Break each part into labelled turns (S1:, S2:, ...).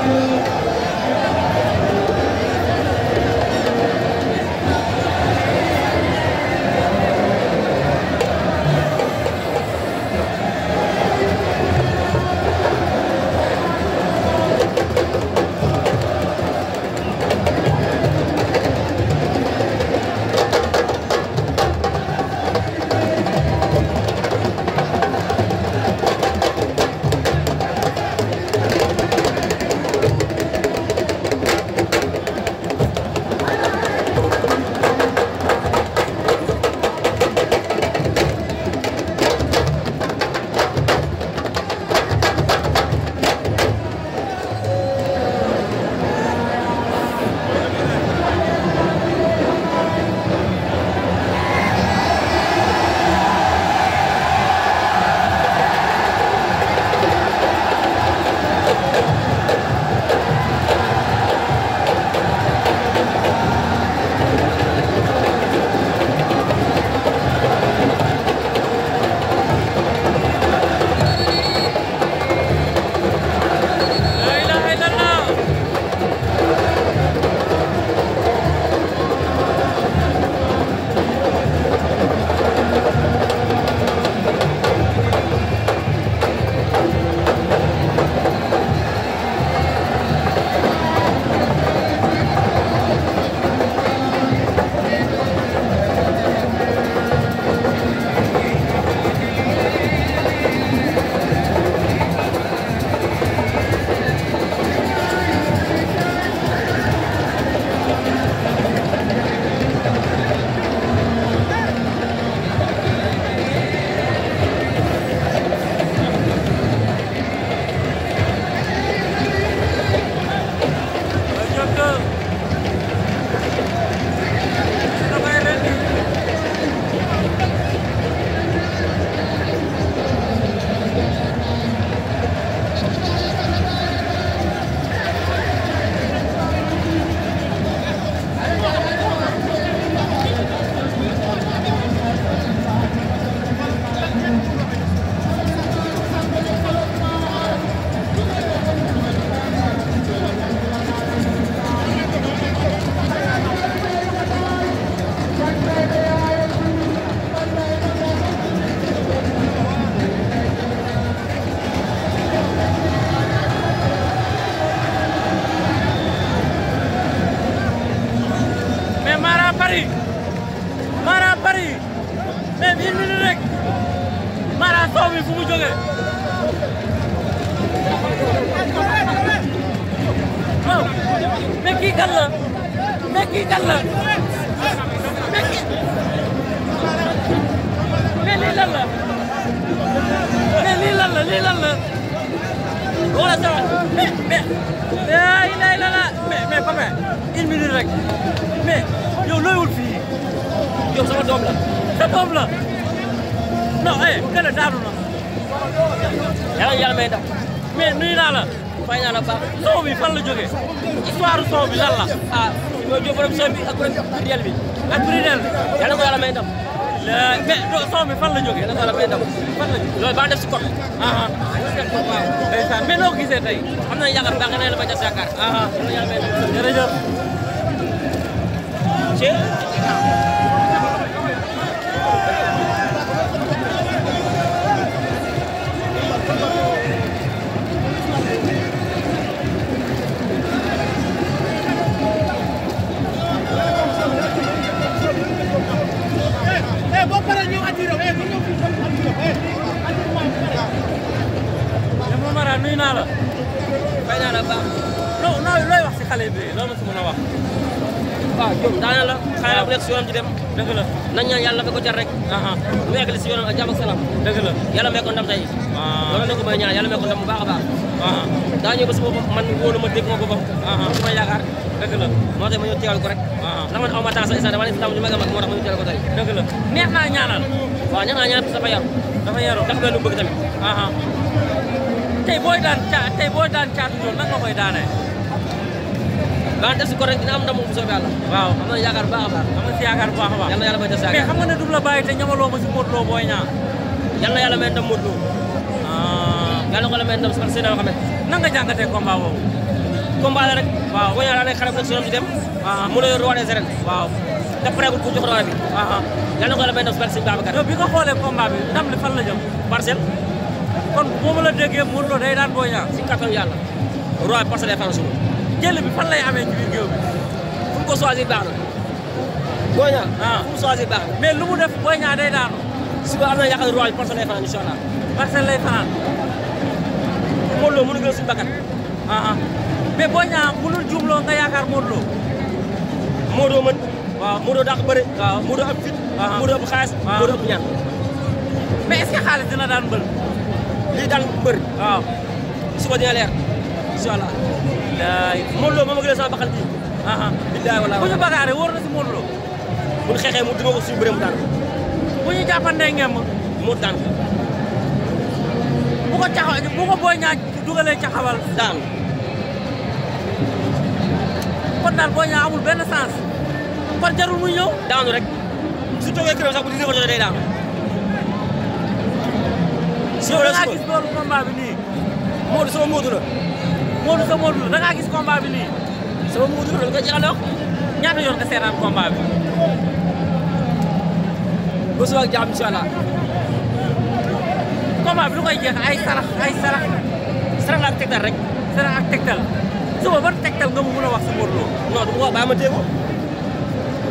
S1: Thank kan kii kan la kii mais lii lan la lii lan la lii lan la wala sa mais mais mais lay la la mais mais papa une yow looy wul fii yow sama doom la sa doom la non eh gën daanu na yàlla yàlla may def nuyu naa la fay naa la baax son bi fan la jógee histoire son bi lan la ah ñoo jóg borom son bi ak borom pluriel bi ak pluriel ko la jógee ba def si kot aa ah, ah. def ko waaw ndeysaan mais noo ko gisee tey am na yaakaar baax na la ba jas yaakaar aa ah, yàlla may ndam nuyu naa la. fay naa la baax. non non looy wax si xale bi loolu si mën a wax. waaw Diop daanaka la xale la bu nekk si yoonam di dem. dëgg la nañ ñaan yàlla dafa ko jar rek. mu yeggali si yoonam ak jàmm ak salaam. dëgg la yàlla may ko ndam tey. waaw loolu la ko may ñaan yàlla may ko ndam bu baax a baax. daa ñëw ba si boppam man wóolu ma dégg ma boppam. su ma yaakaar dëgg la moo tax ma ñëw teewal ko rek. ndax man aw ma temps sax instant dama ne ndaw ñu mag a mag moo tax ma ñëw teewal ko tey. dëgg la neex naa ñaanal. waaw neex naa ñaanal dafa yaru. dafa yaru ndax benn bëgg tamit. tey booy daan caa tey booy daan caatu joon nan nga koy daanee. waaw def si ko rek dina am ndam bu soobee yàlla. waaw am na yaakaar bu baax a baax. am na si yaakaar bu baax a baax. yàlla yàlla may des mais xam nga ne du la bàyyi te ñamaloo ma si Modou Lo Boy Niang. yàlla yàlla may ndam Modou Lo. yàlla ko la may ndam parce que dama xamee. nan nga jàngatee combat boobu. combat la rek. waaw boo ñëwee daanaka xarab nag si yoon bi dem. mu ne yor roi des arènes. waaw te pareegul ku jox roi bi. yàlla ko la may ndam parce que Babacar. yow bi nga xoolee combat bi ndam li fan la jëm parcelle kon boo ma la déggee Modou Lo daan Boy Niang si kattan yàlla roi parce que day fan suba jël bi fan lay amee ci biir fu mu ko choisir baax na Boy ah. fu mu choisir baax na mais lu mu def Boy daanu suba am na yaakaar roi parce fan incha allah parce que lay fanaan Modou Lo mënu gën suñu bakkat ah ah nga yaakaar Modou Lo Modou mën waaw Modou dàq bëre waaw Modou am fit ah, ah. Modou am xaalis Modou am dina daan mbël li daan bër waaw ah. suba dina leer incha allah bilaay Modou Lo sama bakkan bi Aha, bilaay wala bu ñu bagaaree wóor na si Modou Lo bu ñu xeexee mu duma ko suñu bëree mu daan bu ñu jàppandee ngeem mu daan ko bu ko caxa bu ko booy ñaa dugalee caxawal daan kon daal booy ñaa amul benn sens kon jarul muy ñëw daanu rek su toogee këram sax bu di ko joxe day daanu si yow da ngaa gis loolu combat bi nii Modou sama Modou la Modou sama Modou la da ngaa gis combat bi nii sama Modou la nga ñaata yoon nga seetaan combat bi lu koy jeex ay sarax sarax sarax ak tegtal rek sarax ak tegtal suba ban tegtal nga mu mën a wax sa Modou Lo non du ma wax bàyyi ma téye ko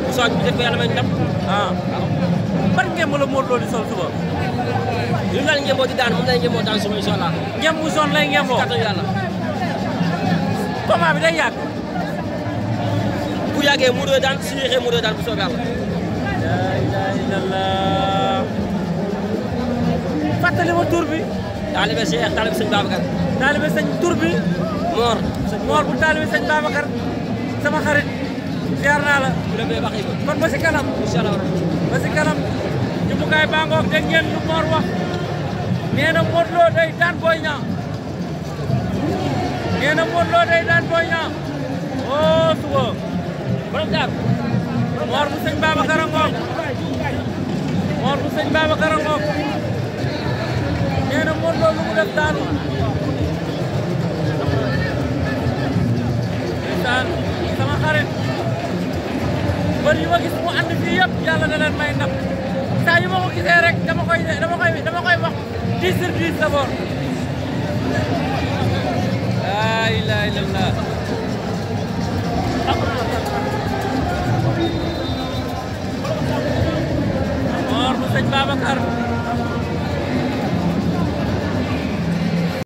S1: bu soog ñu def ko yàlla may lu lan ngeen di daan moom lañ ngeen daan suba insha allah ngeen bu zone lay ngeen boo kattan yàlla combat bi day yàgg bu yàggee mu daan su yéexee mu daan bu soobee yàlla la ilaha illallah fàttali ma tur bi taalibe Cheikh taalibe sëñ Babacar taalibe sëñ tur bi Mor Mor bu taalibe sëñ Babacar sama xarit ziar naa la bu la bee ko kon ba si kanam incha allah ba si kanam jumtukaay baa ngoog dégg ngeen lu Mor wax nee na Lo day daan Boy Niang nee na Lo day daan Boy Niang oo suba borom jaar moor bu sëñ Babacar a ngoog moor bu sëñ Babacar a ngoog nee Lo lu mu def daanu ndeysaan sama xarit mbër yu ma gis mu ànd fii yëpp yàlla da leen may ndam saa yu ma ko gisee rek dama koy dama koy 10 sur 10 d'abord.